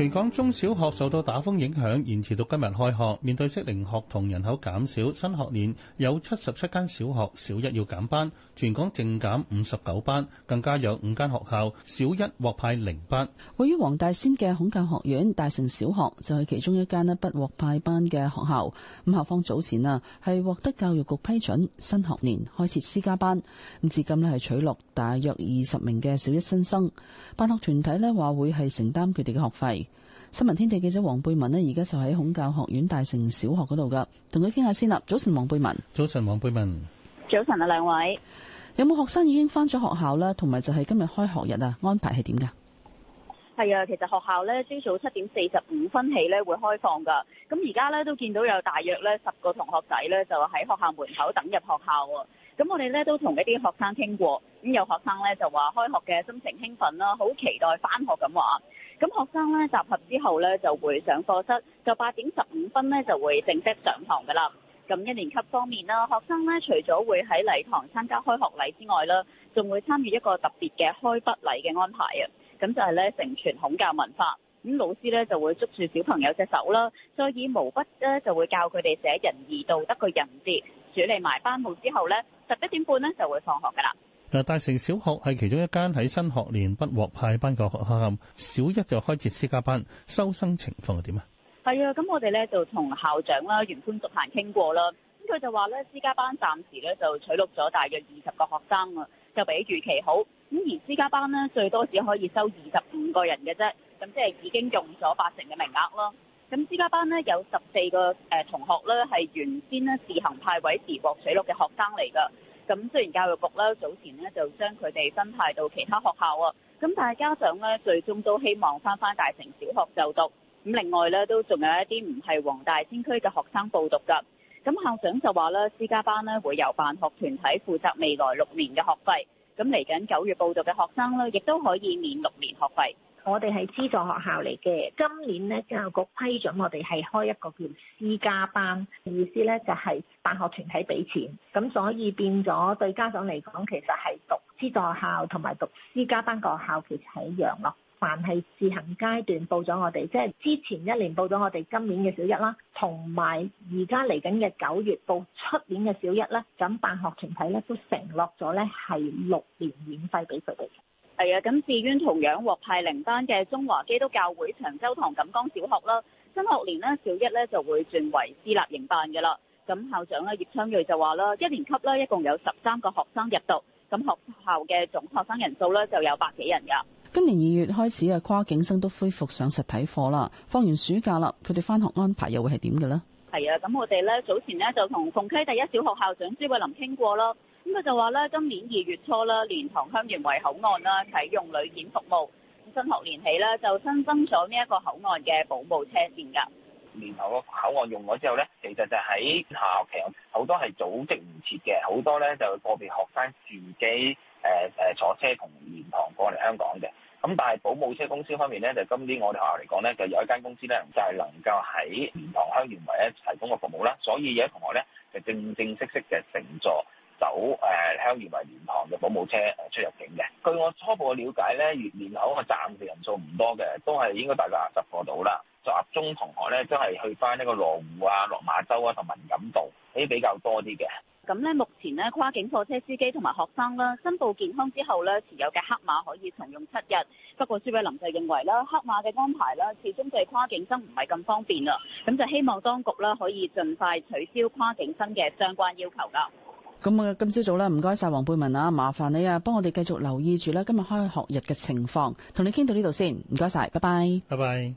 全港中小學受到打風影響，延遲到今日開學。面對適齡學童人口減少，新學年有七十七間小學小一要減班，全港淨減五十九班，更加有五間學校小一獲派零班。位於黃大仙嘅孔教學院大成小學就係、是、其中一間咧不獲派班嘅學校。咁校方早前啊係獲得教育局批准，新學年開設私家班。咁至今咧係取錄大約二十名嘅小一新生。辦學團體咧話會係承擔佢哋嘅學費。新聞天地記者黃貝紋呢，而家就喺孔教學院大成小學嗰度噶，同佢傾下先啦。早晨，黃貝紋。早晨，黃貝紋。早晨啊，兩位，有冇學生已經翻咗學校咧？同埋就係今日開學日啊，安排係點噶？係啊，其實學校咧朝早七點四十五分起咧會開放噶。咁而家咧都見到有大約咧十個同學仔咧就喺學校門口等入學校。咁我哋咧都同一啲學生傾過，咁有學生咧就話開學嘅心情興奮啦，好期待翻學咁話。咁學生咧集合之後咧就會上課室，就八點十五分咧就會正式上堂噶啦。咁一年級方面啦，學生咧除咗會喺禮堂參加開學禮之外啦，仲會參與一個特別嘅開筆禮嘅安排啊。咁就係咧成全孔教文化，咁老師咧就會捉住小朋友隻手啦，再以，以毛筆咧就會教佢哋寫仁義道德嘅人字，處理埋班務之後咧，十一點半咧就會放學噶啦。嗱，大成小學係其中一間喺新學年不獲派班嘅學校，小一就開設私家班，收生情況係點啊？係啊，咁我哋咧就同校長啦、袁潘淑嫻傾過啦。咁佢就話咧，私家班暫時咧就取錄咗大約二十個學生啊，就比預期好。咁而私家班呢，最多只可以收二十五個人嘅啫，咁即係已經用咗八成嘅名額咯。咁私家班呢，有十四個誒同學咧係原先咧自行派位時獲取錄嘅學生嚟㗎。咁雖然教育局咧早前咧就將佢哋分派到其他學校啊，咁但係家長咧最終都希望返返大成小學就讀。咁另外咧都仲有一啲唔係黃大仙區嘅學生報讀㗎。咁校長就話咧，私家班咧會由辦學團體負責未來六年嘅學費。咁嚟緊九月報讀嘅學生咧，亦都可以免六年學費。我哋係資助學校嚟嘅，今年咧教育局批准我哋係開一個叫私家班，意思咧就係、是、辦學團體俾錢，咁所以變咗對家長嚟講，其實係讀資助學校同埋讀私家班個學校其實係一樣咯。凡係自行階段報咗我哋，即係之前一年報咗我哋今年嘅小一啦，同埋而家嚟緊嘅九月報出年嘅小一咧，咁辦學團體咧都承諾咗咧係六年免費俾佢哋。係啊，咁至於同樣獲派零班嘅中華基督教會長洲堂錦江小學啦，新學年呢，小一呢就會轉為私立營辦嘅啦。咁校長咧葉昌睿就話啦，一年級咧一共有十三個學生入讀，咁學校嘅總學生人數咧就有百幾人噶。今年二月開始啊，跨境生都恢復上實體課啦，放完暑假啦，佢哋翻學安排又會係點嘅呢？係啊，咁我哋咧早前咧就同鳳溪第一小學校長朱慧林傾過咯。咁佢就話咧，今年二月初咧，蓮塘香園圍口岸咧啟用旅檢服務。咁新學年起咧，就新增咗呢一個口岸嘅保姆車線㗎。蓮塘個口岸用咗之後咧，其實就喺下學期好多係組織唔切嘅，好多咧就個別學生自己誒誒坐車同蓮塘過嚟香港嘅。咁但係保姆車公司方面咧，就今年我哋學校嚟講咧，就有一間公司咧就係能夠喺蓮塘香園圍咧提供個服務啦，所以有啲同學咧就正正式式嘅乘坐。走誒，香園圍蓮塘嘅保姆車誒出入境嘅。據我初步嘅瞭解咧，月蓮塘嘅暫時人數唔多嘅，都係應該大概十個度啦。集中同學咧，都係去返呢個羅湖啊、落馬洲啊同文錦渡，啲比較多啲嘅。咁咧，目前呢，跨境貨車司機同埋學生啦，申報健康之後咧，持有嘅黑馬可以重用七日。不過，書偉林就認為咧，黑馬嘅安排咧，始終對跨境生唔係咁方便啊。咁就希望當局咧可以盡快取消跨境生嘅相關要求㗎。咁啊，今朝早啦，唔該晒黃貝紋啊，麻煩你啊，幫我哋繼續留意住啦，今日開學日嘅情況，同你傾到呢度先，唔該晒，拜拜，拜拜。